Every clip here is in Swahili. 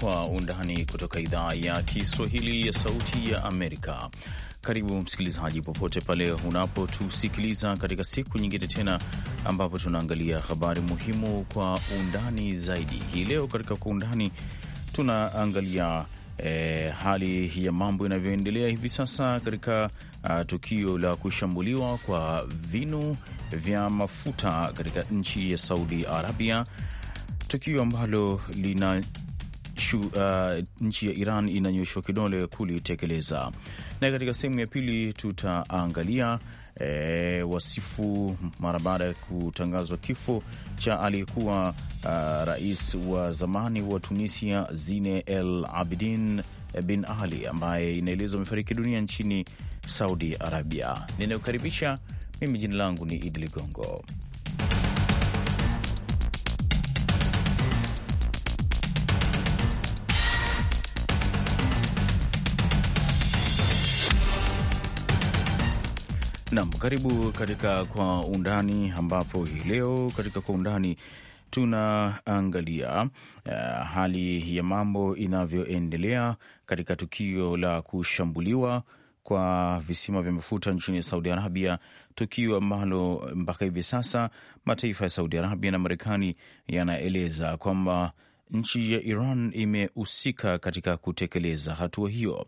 Kwa Undani kutoka idhaa ya Kiswahili ya Sauti ya Amerika. Karibu msikilizaji, popote pale unapotusikiliza katika siku nyingine tena, ambapo tunaangalia habari muhimu kwa undani zaidi. Hii leo katika Kwa Undani tunaangalia E, hali ya mambo inavyoendelea hivi sasa katika uh, tukio la kushambuliwa kwa vinu vya mafuta katika nchi ya Saudi Arabia, tukio ambalo lina shu, uh, nchi ya Iran inanyoshwa kidole kulitekeleza. Na katika sehemu ya pili tutaangalia E, wasifu mara baada ya kutangazwa kifo cha aliyekuwa uh, rais wa zamani wa Tunisia Zine El abidin bin Ali ambaye inaelezwa amefariki dunia nchini Saudi Arabia. Ninayokaribisha mimi, jina langu ni Idi Ligongo. Nam, karibu katika Kwa Undani, ambapo hii leo katika Kwa Undani tunaangalia uh, hali ya mambo inavyoendelea katika tukio la kushambuliwa kwa visima vya mafuta nchini Saudi Arabia, tukio ambalo mpaka hivi sasa mataifa ya Saudi Arabia na Marekani yanaeleza kwamba nchi ya Iran imehusika katika kutekeleza hatua hiyo.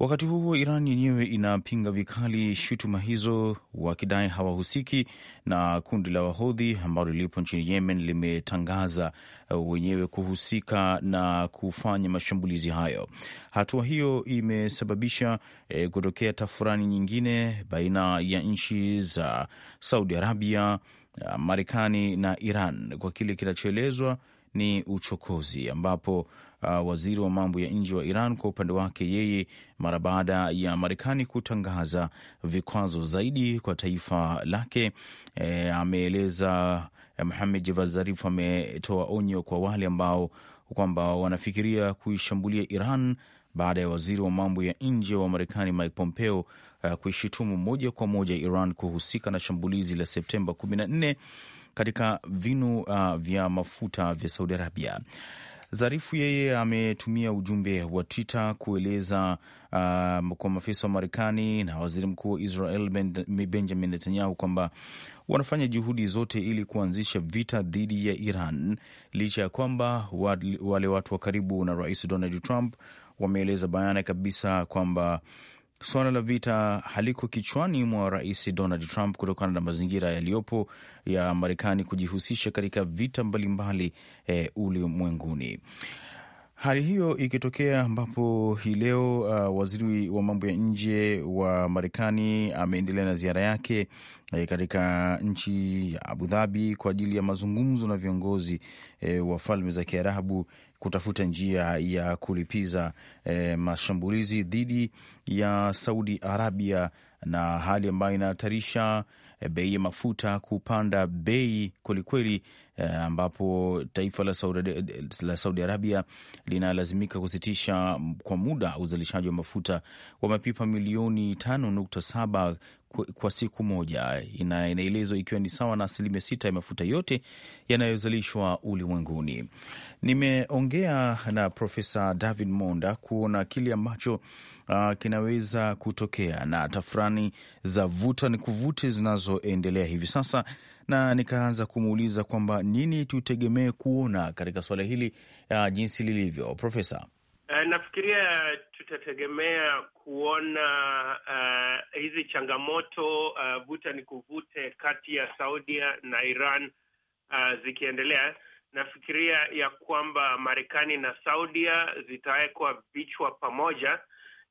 Wakati huo Iran yenyewe inapinga vikali shutuma hizo, wakidai hawahusiki, na kundi la Wahodhi ambalo lilipo nchini Yemen limetangaza uh, wenyewe kuhusika na kufanya mashambulizi hayo. Hatua hiyo imesababisha e, kutokea tafurani nyingine baina ya nchi za Saudi Arabia, uh, Marekani na Iran kwa kile kinachoelezwa ni uchokozi ambapo uh, waziri wa mambo ya nje wa Iran kwa upande wake yeye, mara baada ya Marekani kutangaza vikwazo zaidi kwa taifa lake, e, ameeleza eh, mhamed Javad Zarif ametoa onyo kwa wale ambao kwamba wanafikiria kuishambulia Iran baada ya waziri wa mambo ya nje wa Marekani Mike Pompeo uh, kuishutumu moja kwa moja Iran kuhusika na shambulizi la Septemba 14 katika vinu uh, vya mafuta vya Saudi Arabia. Zarifu yeye ametumia ujumbe wa Twitter kueleza uh, kwa maafisa wa Marekani na waziri mkuu wa Israel Benjamin Netanyahu kwamba wanafanya juhudi zote ili kuanzisha vita dhidi ya Iran licha ya kwamba wale watu wa karibu na rais Donald Trump wameeleza bayana kabisa kwamba suala la vita haliko kichwani mwa Rais Donald Trump kutokana na mazingira yaliyopo ya Marekani kujihusisha katika vita mbalimbali e, ulimwenguni. Hali hiyo ikitokea ambapo hii leo uh, waziri wa mambo ya nje wa Marekani ameendelea na ziara yake e, katika nchi ya Abu Dhabi kwa ajili ya mazungumzo na viongozi e, wa falme za Kiarabu kutafuta njia ya kulipiza e, mashambulizi dhidi ya Saudi Arabia na hali ambayo inahatarisha eh, bei ya mafuta kupanda bei kwelikweli, eh, ambapo taifa la Saudi, la Saudi Arabia linalazimika kusitisha kwa muda uzalishaji wa mafuta wa mapipa milioni 5.7 kwa siku moja, inaelezwa ikiwa ni sawa na asilimia sita ya mafuta yote yanayozalishwa ulimwenguni. Nimeongea na Profesa David Monda kuona kile ambacho uh, kinaweza kutokea na tafurani za vuta ni kuvute zinazoendelea hivi sasa, na nikaanza kumuuliza kwamba nini tutegemee kuona katika suala hili uh, jinsi lilivyo. Profesa Eh, nafikiria tutategemea kuona uh, hizi changamoto uh, vuta ni kuvute kati ya Saudia na Iran uh, zikiendelea. Nafikiria ya kwamba Marekani na Saudia zitawekwa vichwa pamoja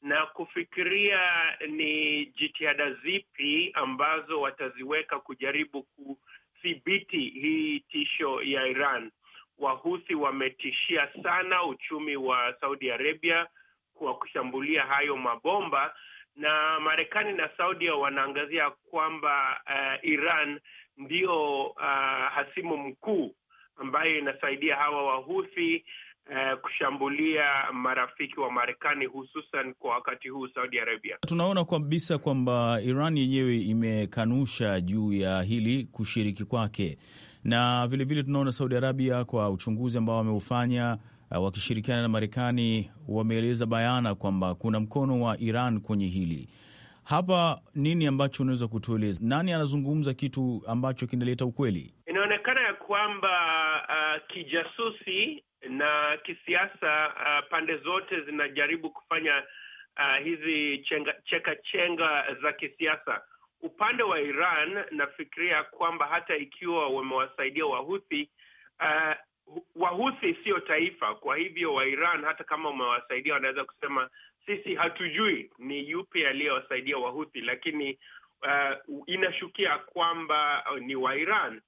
na kufikiria ni jitihada zipi ambazo wataziweka kujaribu kudhibiti hii tisho ya Iran. Wahuthi wametishia sana uchumi wa Saudi Arabia kwa kushambulia hayo mabomba, na Marekani na Saudia wanaangazia kwamba uh, Iran ndio uh, hasimu mkuu ambaye inasaidia hawa Wahuthi Uh, kushambulia marafiki wa Marekani hususan kwa wakati huu Saudi Arabia. Tunaona kabisa kwamba Iran yenyewe imekanusha juu ya hili kushiriki kwake na vilevile tunaona Saudi Arabia kwa uchunguzi ambao wameufanya uh, wakishirikiana na Marekani wameeleza bayana kwamba kuna mkono wa Iran kwenye hili. Hapa nini ambacho unaweza kutueleza? Nani anazungumza kitu ambacho kinaleta ukweli? Inaonekana ya kwamba uh, kijasusi na kisiasa uh, pande zote zinajaribu kufanya uh, hizi chenga, cheka chenga za kisiasa upande wa Iran nafikiria kwamba hata ikiwa wamewasaidia Wahuthi, uh, Wahuthi sio taifa. Kwa hivyo Wairan hata kama wamewasaidia, wanaweza kusema sisi hatujui ni yupi aliyewasaidia Wahuthi, lakini uh, inashukia kwamba ni Wairan.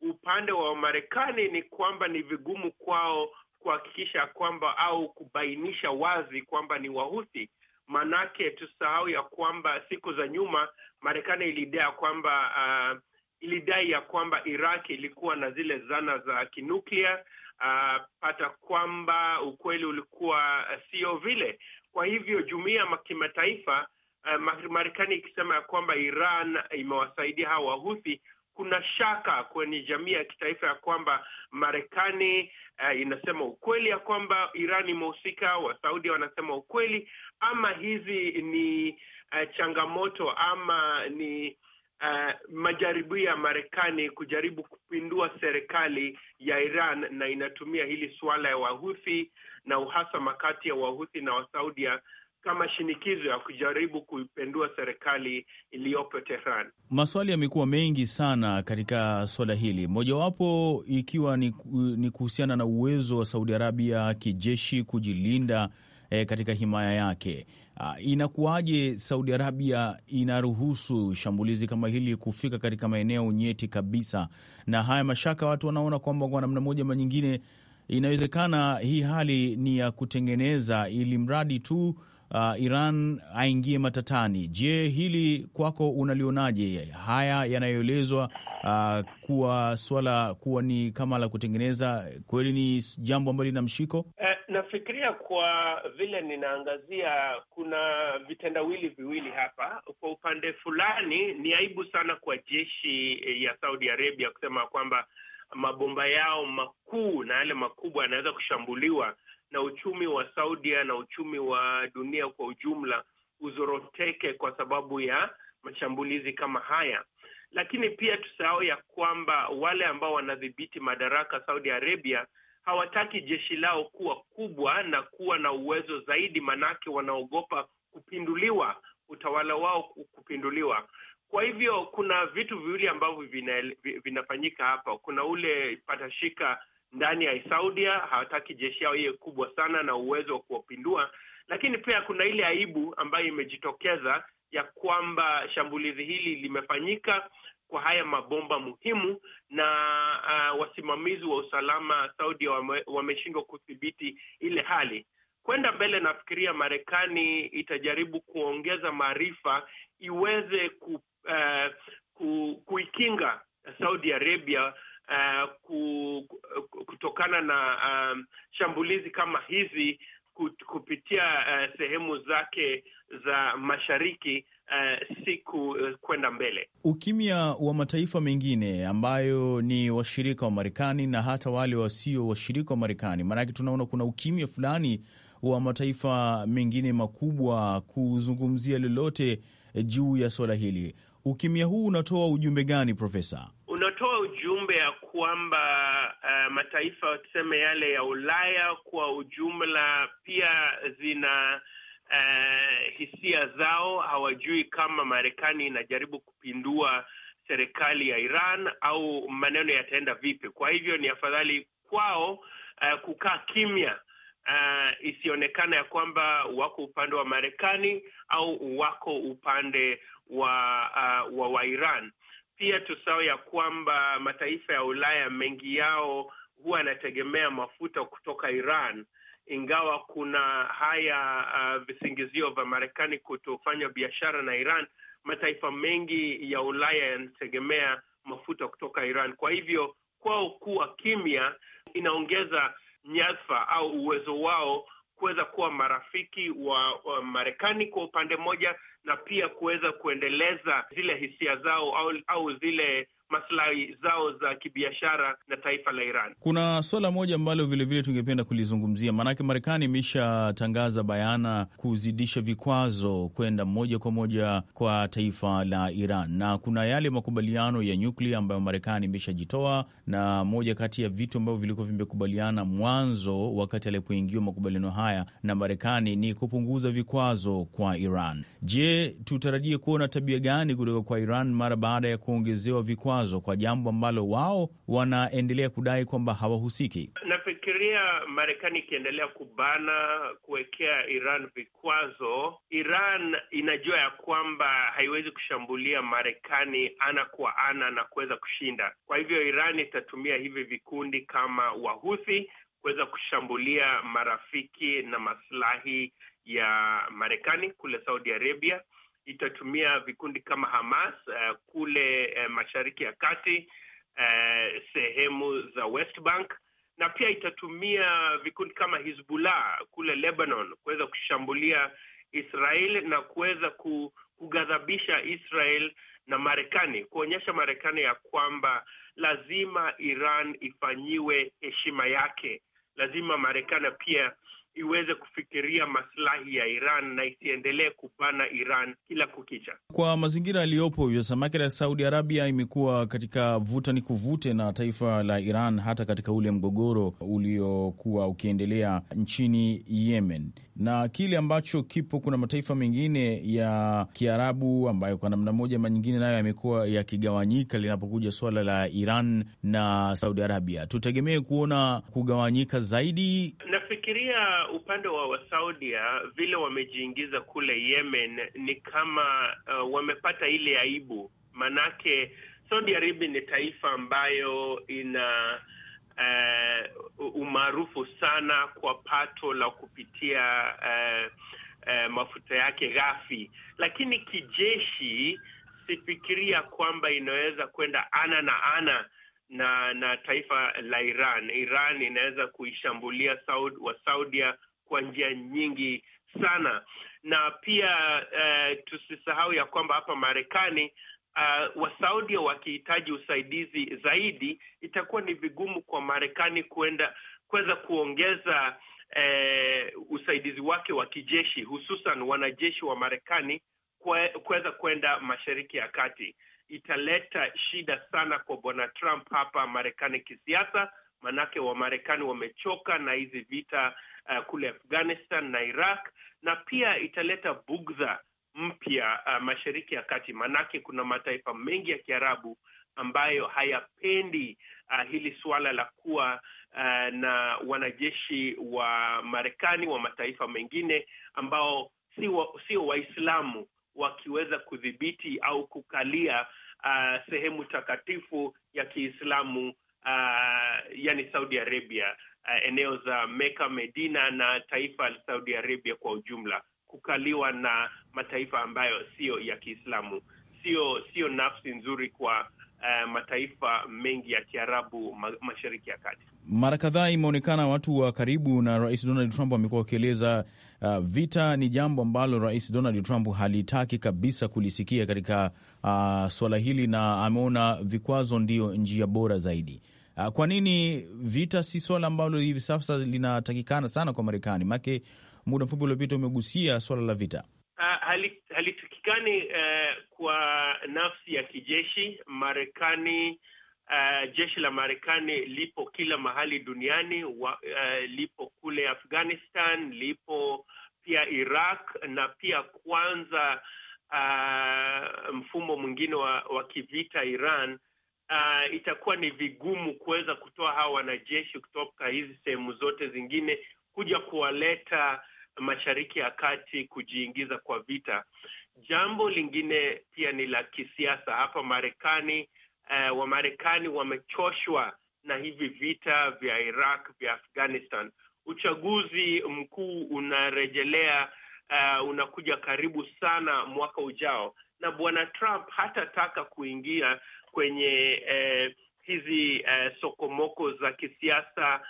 Upande wa Marekani ni kwamba ni vigumu kwao kuhakikisha kwamba au kubainisha wazi kwamba ni Wahuthi, manake tusahau ya kwamba siku za nyuma Marekani ilidai kwamba uh, ilidai ya kwamba Iraq ilikuwa na zile zana za kinuklia uh, hata kwamba ukweli ulikuwa uh, sio vile. Kwa hivyo jumuiya ya kimataifa uh, Marekani ikisema ya kwamba Iran imewasaidia hawa Wahuthi kuna shaka kwenye jamii ya kitaifa ya kwamba Marekani uh, inasema ukweli ya kwamba Iran imehusika, Wasaudia wanasema ukweli, ama hizi ni uh, changamoto ama ni Uh, eh, majaribio ya Marekani kujaribu kupindua serikali ya Iran na inatumia hili suala ya Wahuthi na uhasama kati ya Wahuthi na Wasaudia kama shinikizo ya kujaribu kuipendua serikali iliyopo Tehran. Maswali yamekuwa mengi sana katika swala hili, mojawapo ikiwa ni, ni kuhusiana na uwezo wa Saudi Arabia kijeshi kujilinda eh, katika himaya yake. Uh, inakuwaje Saudi Arabia inaruhusu shambulizi kama hili kufika katika maeneo nyeti kabisa? Na haya mashaka watu wanaona kwamba kwa namna moja ama nyingine inawezekana hii hali ni ya kutengeneza ili mradi tu uh, Iran aingie matatani. Je, hili kwako unalionaje? Haya yanayoelezwa uh, kuwa swala kuwa ni kama la kutengeneza, kweli ni jambo ambalo lina mshiko? Eh, nafikiria kwa vile ninaangazia, kuna vitendawili viwili hapa. Kwa upande fulani ni aibu sana kwa jeshi eh, ya Saudi Arabia kusema kwamba mabomba yao makuu na yale makubwa yanaweza kushambuliwa na uchumi wa Saudia na uchumi wa dunia kwa ujumla uzoroteke kwa sababu ya mashambulizi kama haya. Lakini pia tusahau ya kwamba wale ambao wanadhibiti madaraka Saudi Arabia hawataki jeshi lao kuwa kubwa na kuwa na uwezo zaidi, manake wanaogopa kupinduliwa, utawala wao kupinduliwa. Kwa hivyo kuna vitu viwili ambavyo vina, vinafanyika hapa. Kuna ule patashika ndani ya Saudia. Hawataki jeshi yao iwe kubwa sana na uwezo wa kuwapindua, lakini pia kuna ile aibu ambayo imejitokeza ya kwamba shambulizi hili limefanyika kwa haya mabomba muhimu na uh, wasimamizi wa usalama Saudia wame, wameshindwa kudhibiti ile hali. Kwenda mbele, nafikiria Marekani itajaribu kuongeza maarifa iweze ku, uh, ku, kuikinga Saudi Arabia Uh, uh, kutokana na um, shambulizi kama hizi kupitia uh, sehemu zake za mashariki uh, siku uh, kwenda mbele. Ukimya wa mataifa mengine ambayo ni washirika wa Marekani na hata wale wasio washirika wa Marekani, maanake tunaona kuna ukimya fulani wa mataifa mengine makubwa kuzungumzia lolote eh, juu ya suala hili. Ukimya huu unatoa ujumbe gani, Profesa? Unatoa ujumbe ya kwamba uh, mataifa tuseme yale ya Ulaya kwa ujumla pia zina uh, hisia zao. Hawajui kama Marekani inajaribu kupindua serikali ya Iran au maneno yataenda vipi. Kwa hivyo ni afadhali kwao uh, kukaa kimya uh, isionekana ya kwamba wako upande wa Marekani au wako upande wa uh, wa, wa Iran. Pia tusao ya kwamba mataifa ya Ulaya mengi yao huwa yanategemea mafuta kutoka Iran, ingawa kuna haya uh, visingizio vya Marekani kutofanya biashara na Iran. Mataifa mengi ya Ulaya yanategemea mafuta kutoka Iran. Kwa hivyo kwao kuwa kimya inaongeza nyadhifa au uwezo wao kuweza kuwa marafiki wa, wa Marekani kwa upande mmoja na pia kuweza kuendeleza zile hisia zao au, au zile maslahi zao za kibiashara na taifa la Iran. Kuna suala moja ambalo vilevile tungependa kulizungumzia, maanake Marekani imeshatangaza bayana kuzidisha vikwazo kwenda moja kwa moja kwa taifa la Iran, na kuna yale makubaliano ya nyuklia ambayo Marekani imeshajitoa, na moja kati ya vitu ambavyo vilikuwa vimekubaliana mwanzo wakati alipoingiwa makubaliano haya na Marekani ni kupunguza vikwazo kwa Iran. Je, tutarajie kuona tabia gani kutoka kwa Iran mara baada ya kuongezewa vikwazo vikwazo kwa jambo ambalo wao wanaendelea kudai kwamba hawahusiki. Nafikiria Marekani ikiendelea kubana, kuwekea Iran vikwazo, Iran inajua ya kwamba haiwezi kushambulia Marekani ana kwa ana na kuweza kushinda. Kwa hivyo, Iran itatumia hivi vikundi kama Wahuthi kuweza kushambulia marafiki na maslahi ya Marekani kule Saudi Arabia itatumia vikundi kama Hamas uh, kule uh, Mashariki ya Kati uh, sehemu za West Bank na pia itatumia vikundi kama Hizbullah kule Lebanon kuweza kushambulia Israel na kuweza kughadhabisha Israel na Marekani, kuonyesha Marekani ya kwamba lazima Iran ifanyiwe heshima yake, lazima Marekani pia iweze kufikiria maslahi ya Iran na isiendelee kubana Iran kila kukicha. Kwa mazingira yaliyopo hivyo, samaki ya Saudi Arabia imekuwa katika vuta ni kuvute na taifa la Iran, hata katika ule mgogoro uliokuwa ukiendelea nchini Yemen na kile ambacho kipo. Kuna mataifa mengine ya Kiarabu ambayo kwa namna moja ama nyingine nayo yamekuwa yakigawanyika linapokuja suala la Iran na Saudi Arabia. Tutegemee kuona kugawanyika zaidi na Nafikiria upande wa Wasaudia vile wamejiingiza kule Yemen ni kama uh, wamepata ile aibu, manake Saudi Arabia ni taifa ambayo ina uh, umaarufu sana kwa pato la kupitia uh, uh, mafuta yake ghafi, lakini kijeshi sifikiria kwamba inaweza kwenda ana na ana na na taifa la Iran. Iran inaweza kuishambulia Saudi, wa Saudia kwa njia nyingi sana, na pia uh, tusisahau ya kwamba hapa Marekani uh, eh, Wasaudia wakihitaji usaidizi zaidi, itakuwa ni vigumu kwa Marekani kuenda kuweza kuongeza uh, usaidizi wake wa kijeshi, hususan wanajeshi wa Marekani kuweza kwenda mashariki ya kati italeta shida sana kwa bwana Trump hapa Marekani kisiasa, maanake Wamarekani wamechoka na hizi vita uh, kule Afghanistan na Iraq, na pia italeta bugdha mpya uh, Mashariki ya Kati, maanake kuna mataifa mengi ya Kiarabu ambayo hayapendi uh, hili suala la kuwa uh, na wanajeshi wa Marekani wa mataifa mengine ambao sio Waislamu wakiweza kudhibiti au kukalia uh, sehemu takatifu ya Kiislamu uh, yani Saudi Arabia uh, eneo za Meka, Medina na taifa la Saudi Arabia kwa ujumla kukaliwa na mataifa ambayo siyo ya Kiislamu, sio sio nafsi nzuri kwa Uh, mataifa mengi ya Kiarabu ma Mashariki ya Kati. Mara kadhaa imeonekana watu wa karibu na Rais Donald Trump wamekuwa wakieleza Uh, vita ni jambo ambalo Rais Donald Trump halitaki kabisa kulisikia katika uh, suala hili, na ameona vikwazo ndiyo njia bora zaidi. Uh, kwa nini vita si suala ambalo hivi sasa linatakikana sana kwa Marekani? Maanake muda mfupi uliopita umegusia suala la vita. Uh, halitakikani uh, kwa nafsi ya kijeshi Marekani uh, jeshi la Marekani lipo kila mahali duniani wa, uh, lipo kule Afghanistan, lipo pia Iraq na pia kwanza uh, mfumo mwingine wa, wa kivita Iran. Uh, itakuwa ni vigumu kuweza kutoa hawa wanajeshi kutoka hizi sehemu zote zingine kuja kuwaleta Mashariki ya Kati kujiingiza kwa vita. Jambo lingine pia ni la kisiasa hapa Marekani uh, Wamarekani wamechoshwa na hivi vita vya Iraq vya Afghanistan. Uchaguzi mkuu unarejelea uh, unakuja karibu sana mwaka ujao, na bwana Trump hatataka kuingia kwenye uh, hizi uh, sokomoko za kisiasa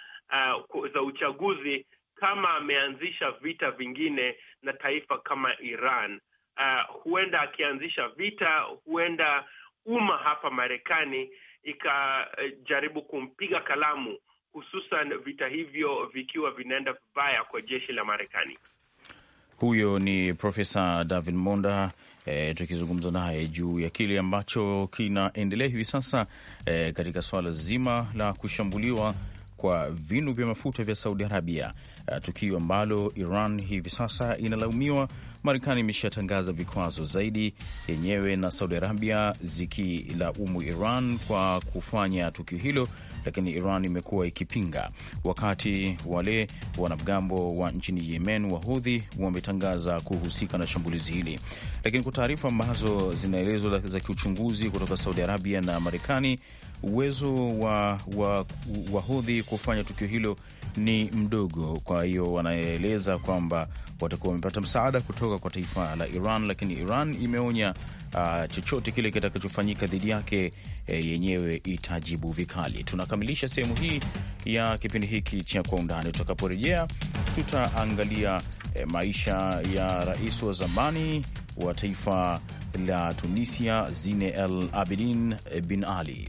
uh, za uchaguzi kama ameanzisha vita vingine na taifa kama Iran. Uh, huenda akianzisha vita, huenda umma hapa Marekani ikajaribu kumpiga kalamu, hususan vita hivyo vikiwa vinaenda vibaya kwa jeshi la Marekani. Huyo ni Profesa David Monda. E, tukizungumza naye juu ya kile ambacho kinaendelea hivi sasa e, katika swala zima la kushambuliwa kwa vinu vya mafuta vya Saudi Arabia uh, tukio ambalo Iran hivi sasa inalaumiwa. Marekani imeshatangaza vikwazo zaidi yenyewe na Saudi Arabia zikilaumu Iran kwa kufanya tukio hilo, lakini Iran imekuwa ikipinga, wakati wale wanamgambo wa nchini Yemen Wahudhi wametangaza kuhusika na shambulizi hili. Lakini kwa taarifa ambazo zinaelezwa za kiuchunguzi kutoka Saudi Arabia na Marekani, uwezo wa Wahudhi wa kufanya tukio hilo ni mdogo kwa kwa hiyo wanaeleza kwamba watakuwa wamepata msaada kutoka kwa taifa la Iran, lakini Iran imeonya uh, chochote kile kitakachofanyika dhidi yake eh, yenyewe itajibu vikali. Tunakamilisha sehemu hii ya kipindi hiki cha Kwa Undani. Tutakaporejea tutaangalia eh, maisha ya rais wa zamani wa taifa la Tunisia Zine El Abidin bin Ali.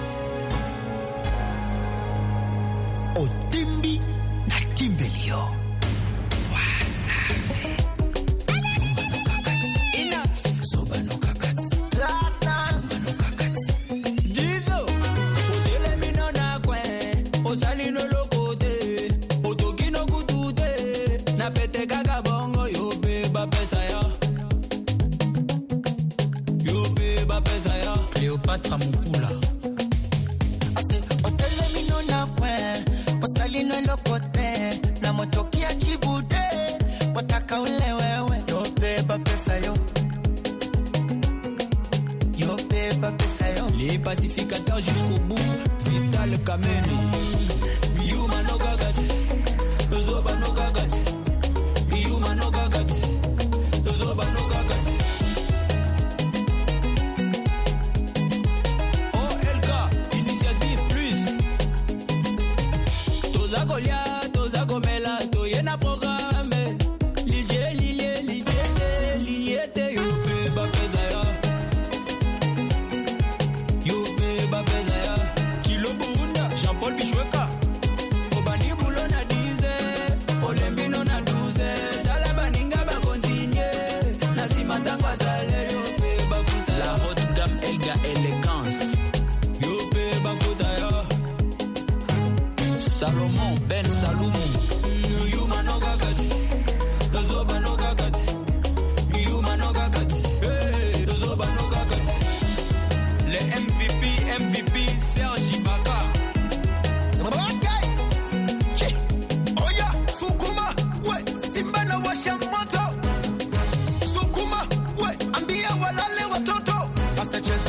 Yeah.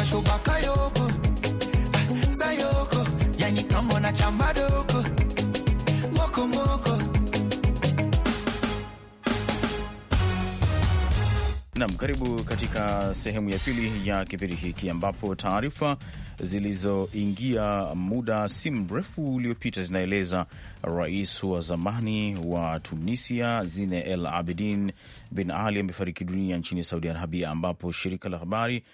Nam, karibu katika sehemu ya pili ya kipindi hiki ambapo taarifa zilizoingia muda si mrefu uliopita zinaeleza rais wa zamani wa Tunisia Zine El Abidin Bin Ali amefariki dunia nchini Saudi Arabia, ambapo shirika la habari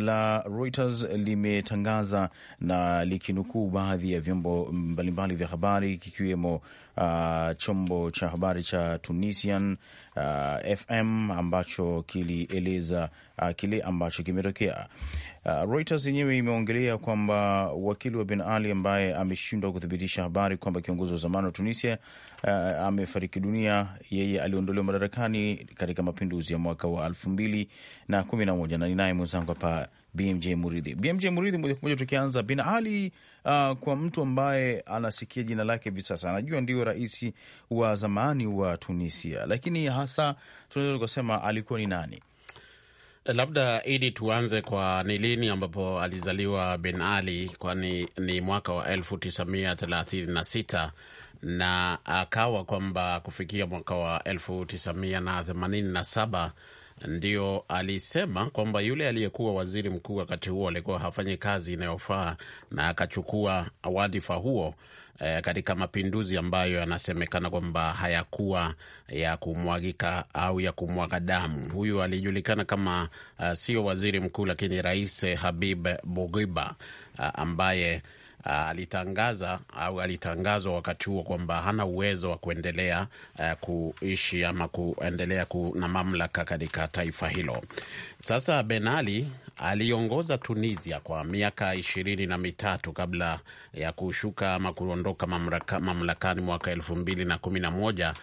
la Reuters limetangaza na likinukuu baadhi ya vyombo mbalimbali vya habari kikiwemo Uh, chombo cha habari cha Tunisian uh, FM ambacho kilieleza uh, kile ambacho kimetokea. Uh, Reuters yenyewe imeongelea kwamba wakili wa Ben Ali ambaye ameshindwa kuthibitisha habari kwamba kiongozi wa zamani wa Tunisia uh, amefariki dunia. Yeye aliondolewa madarakani katika mapinduzi ya mwaka wa elfu mbili na kumi na moja na ni naye mwenzangu hapa BMJ Muridhi. BMJ Muridhi, moja kwa moja tukianza, Bin Ali uh, kwa mtu ambaye anasikia jina lake hivi sasa anajua ndio rais wa zamani wa Tunisia, lakini hasa tunaweza tukasema alikuwa ni nani? Eh, labda Idi, tuanze kwa ni lini ambapo alizaliwa Bin Ali, kwani ni mwaka wa elfu thelathini na sita na akawa kwamba kufikia mwaka wa 1987 ndio alisema kwamba yule aliyekuwa waziri mkuu wakati huo alikuwa hafanyi kazi inayofaa na akachukua wadhifa huo eh, katika mapinduzi ambayo yanasemekana kwamba hayakuwa ya kumwagika au ya kumwaga damu. Huyu alijulikana kama uh, sio waziri mkuu lakini Rais Habib Bugiba uh, eh, ambaye Ah, alitangaza au alitangazwa wakati huo kwamba hana uwezo wa kuendelea uh, kuishi ama kuendelea na mamlaka katika taifa hilo. Sasa Ben Ali aliongoza Tunisia kwa miaka ishirini na mitatu kabla ya kushuka ama kuondoka mamlakani mwaka elfu mbili na kumi na moja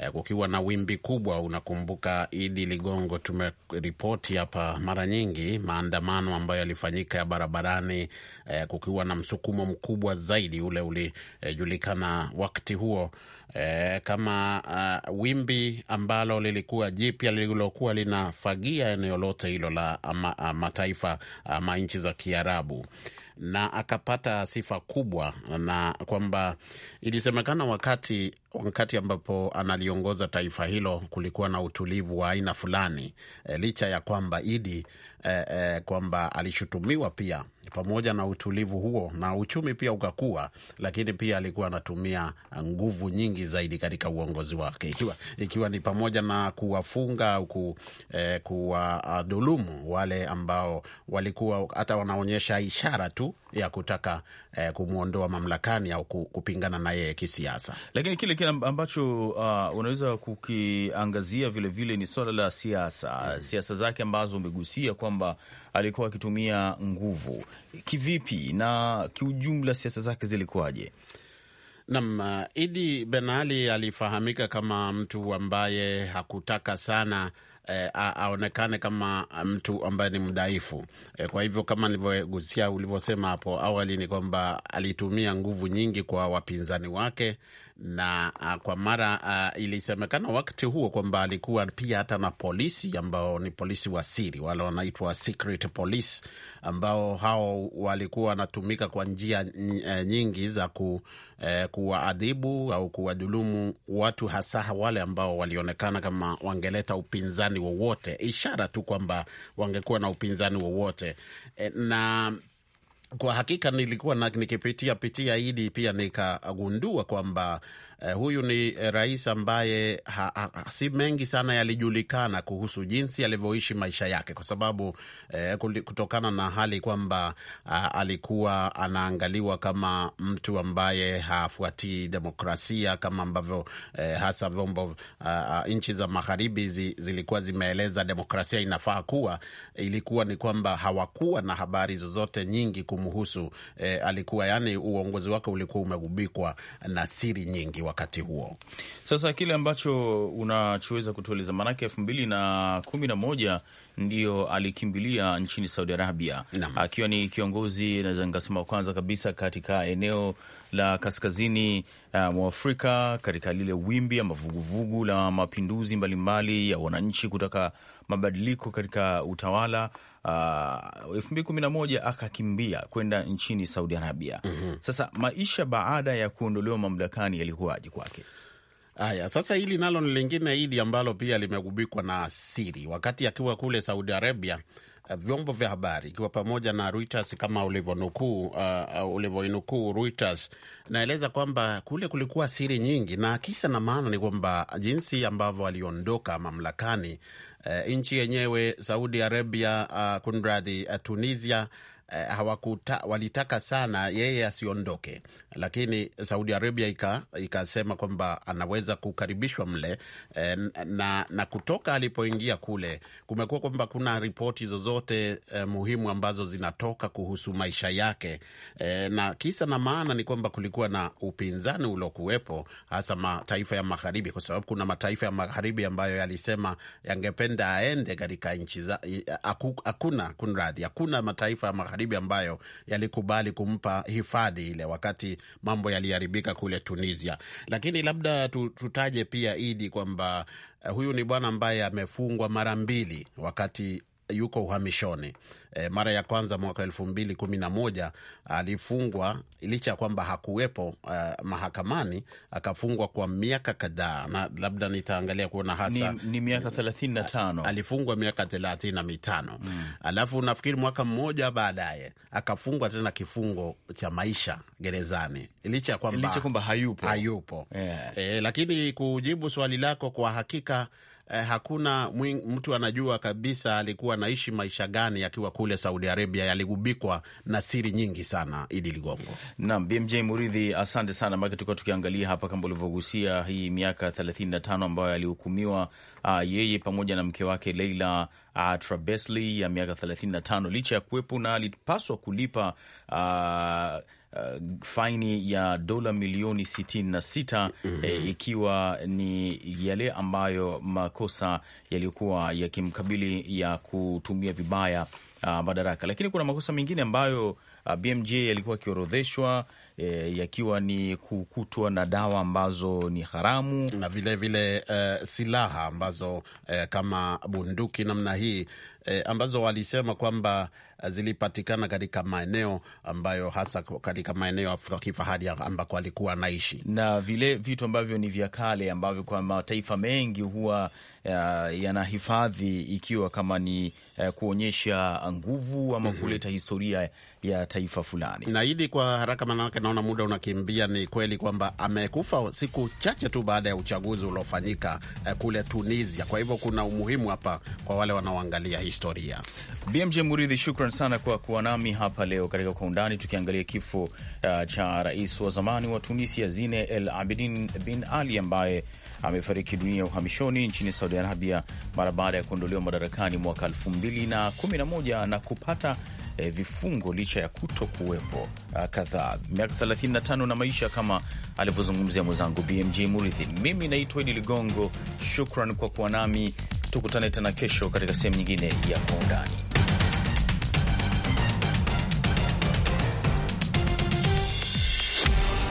Eh, kukiwa na wimbi kubwa. Unakumbuka Idi Ligongo, tumeripoti hapa mara nyingi maandamano ambayo yalifanyika ya barabarani, eh, kukiwa na msukumo mkubwa zaidi. Ule ulijulikana wakati huo E, kama uh, wimbi ambalo lilikuwa jipya lililokuwa linafagia eneo lote hilo la ama, mataifa ama nchi za Kiarabu na akapata sifa kubwa, na kwamba ilisemekana wakati wakati ambapo analiongoza taifa hilo kulikuwa na utulivu wa aina fulani, eh, licha ya kwamba Idi eh, eh, kwamba alishutumiwa pia pamoja na utulivu huo na uchumi pia ukakua, lakini pia alikuwa anatumia nguvu nyingi zaidi katika uongozi wake, ikiwa, ikiwa ni pamoja na kuwafunga au ku, eh, kuwadhulumu wale ambao walikuwa hata wanaonyesha ishara tu ya kutaka eh, kumwondoa mamlakani au kupingana na yeye kisiasa. Lakini kile kile ambacho uh, unaweza kukiangazia vilevile ni swala la siasa mm -hmm. siasa zake ambazo umegusia kwamba alikuwa akitumia nguvu kivipi, na kiujumla siasa zake zilikuwaje? Nam uh, Idi Benali alifahamika kama mtu ambaye hakutaka sana eh, aonekane kama mtu ambaye ni mdhaifu eh. Kwa hivyo kama nilivyogusia ulivyosema hapo awali ni kwamba alitumia nguvu nyingi kwa wapinzani wake na uh, kwa mara uh, ilisemekana wakati huo kwamba alikuwa pia hata na polisi ambao ni polisi wa siri wale wanaitwa secret police, ambao hao walikuwa wanatumika kwa njia eh, nyingi za ku, eh, kuwaadhibu au kuwadhulumu watu, hasa wale ambao walionekana kama wangeleta upinzani wowote, ishara tu kwamba wangekuwa na upinzani wowote eh, na kwa hakika nilikuwa nikipitia pitia idi pia nikagundua kwamba Eh, huyu ni eh, rais ambaye ha, ha, ha, si mengi sana yalijulikana kuhusu jinsi alivyoishi maisha yake, kwa sababu eh, kutokana na hali kwamba ah, alikuwa anaangaliwa kama mtu ambaye hafuatii demokrasia kama ambavyo eh, hasa vyombo ah, nchi za magharibi zi, zilikuwa zimeeleza demokrasia inafaa kuwa. Ilikuwa ni kwamba hawakuwa na habari zozote nyingi kumhusu. Eh, alikuwa yani, uongozi wake ulikuwa umegubikwa na siri nyingi wakati huo. Sasa kile ambacho unachoweza kutueleza, maanake elfu mbili na kumi na moja ndio alikimbilia nchini Saudi Arabia akiwa ni kiongozi naweza nikasema wa kwanza kabisa katika eneo la kaskazini uh, mwa um, Afrika katika lile wimbi ama vuguvugu la mapinduzi mbalimbali ya wananchi kutaka mabadiliko katika utawala uh, elfu mbili kumi na moja akakimbia kwenda nchini Saudi Arabia. mm -hmm. Sasa maisha baada ya kuondolewa mamlakani yalikuwaje kwake? Haya, sasa hili nalo ni lingine hili ambalo pia limegubikwa na siri. Wakati akiwa kule Saudi Arabia, eh, vyombo vya habari ikiwa pamoja na Reuters kama ulivyonukuu, uh, uh ulivyoinukuu Reuters, naeleza kwamba kule kulikuwa siri nyingi, na kisa na maana ni kwamba jinsi ambavyo aliondoka mamlakani Eh, nchi yenyewe Saudi Arabia, ah, kunradhi, eh, Tunisia eh, hawakuta, walitaka sana yeye asiondoke, lakini Saudi Arabia ikasema ika kwamba anaweza kukaribishwa mle eh, na, na kutoka alipoingia kule kumekuwa kwamba kuna ripoti zozote eh, muhimu ambazo zinatoka kuhusu maisha yake eh, na kisa na maana ni kwamba kulikuwa na upinzani uliokuwepo hasa mataifa ya magharibi, kwa sababu kuna mataifa ya magharibi ambayo yalisema yangependa aende katika nchi za, hakuna kunradhi, hakuna mataifa ya magharibi Magharibi ambayo yalikubali kumpa hifadhi ile wakati mambo yaliharibika kule Tunisia. Lakini labda tutaje pia Idi kwamba eh, huyu ni bwana ambaye amefungwa mara mbili wakati yuko uhamishoni. E, mara ya kwanza mwaka elfu mbili kumi na moja alifungwa licha ya kwamba hakuwepo uh, mahakamani, akafungwa kwa miaka kadhaa, na labda nitaangalia kuona hasa ni, ni miaka thelathini na tano alifungwa miaka thelathini na mitano mm. Alafu nafikiri mwaka mmoja baadaye akafungwa tena kifungo cha maisha gerezani licha ya kwamba hayupo, hayupo. Yeah. E, lakini kujibu swali lako kwa hakika eh, hakuna mwing, mtu anajua kabisa alikuwa anaishi maisha gani akiwa kule Saudi Arabia. Yaligubikwa na siri nyingi sana. Idi Ligongo nam BMJ Muridhi, asante sana maake, tulikuwa tukiangalia hapa kama ulivyogusia hii miaka 35 ambayo alihukumiwa uh, yeye pamoja na mke wake Leila uh, ah, Trabesly ya miaka 35 licha ya kuwepo na alipaswa kulipa uh, uh, faini ya dola milioni 66 mm -hmm. E, ikiwa ni yale ambayo makosa yaliyokuwa yakimkabili ya kutumia vibaya uh, madaraka, lakini kuna makosa mengine ambayo uh, BMJ yalikuwa yakiorodheshwa e, yakiwa ni kukutwa na dawa ambazo ni haramu na vilevile vile, uh, silaha ambazo uh, kama bunduki namna hii E, ambazo walisema kwamba zilipatikana katika maeneo ambayo hasa katika maeneo Afrika kifahari ambako alikuwa anaishi na vile vitu ambavyo ni vya kale ambavyo kwa mataifa mengi huwa e, yanahifadhi ikiwa kama ni uh, kuonyesha nguvu ama mm -hmm. kuleta historia ya taifa fulani. hili kwa haraka, manake naona muda unakimbia. Ni kweli kwamba amekufa siku chache tu baada ya uchaguzi uliofanyika eh, kule Tunisia, kwa hivyo kuna umuhimu hapa kwa wale wanaoangalia historia. BMJ Muridhi, shukran sana kwa kuwa nami hapa leo katika Kwa Undani, tukiangalia kifo uh, cha rais wa zamani wa Tunisia Zine El Abidin bin Ali ambaye amefariki dunia uhamishoni nchini Saudi Arabia mara baada ya kuondolewa madarakani mwaka 2011 na, na kupata eh, vifungo licha ya kuto kuwepo ah, kadhaa, miaka 35 na maisha kama alivyozungumzia mwenzangu BMJ Murithi. Mimi naitwa Idi Ligongo, shukran kwa kuwa nami. Tukutane tena kesho katika sehemu nyingine ya Kwa Undani.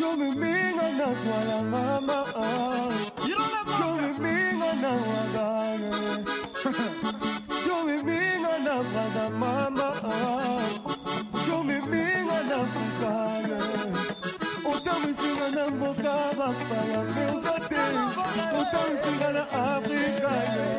Yo me minga na kwala mama. Yo me minga na wagane. Yo me minga na kwaza mama. Yo me minga na fukane. Otamisinga na mboka bapala meuzate. Otamisinga na Afrika. Yeah.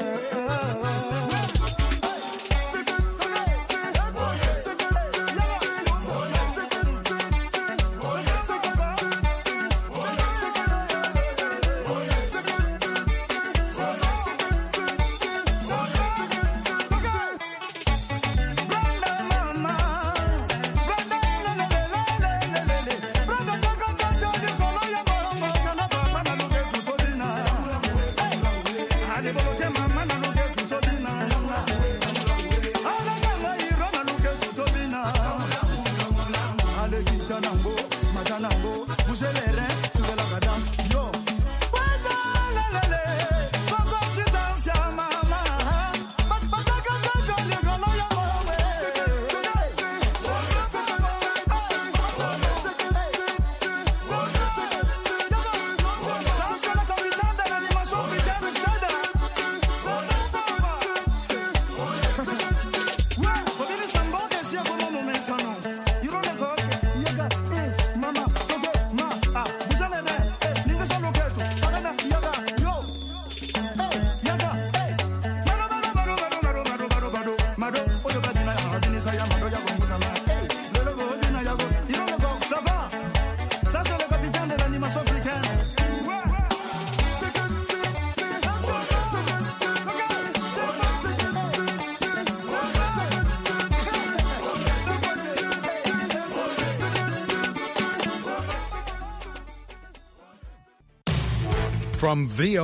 from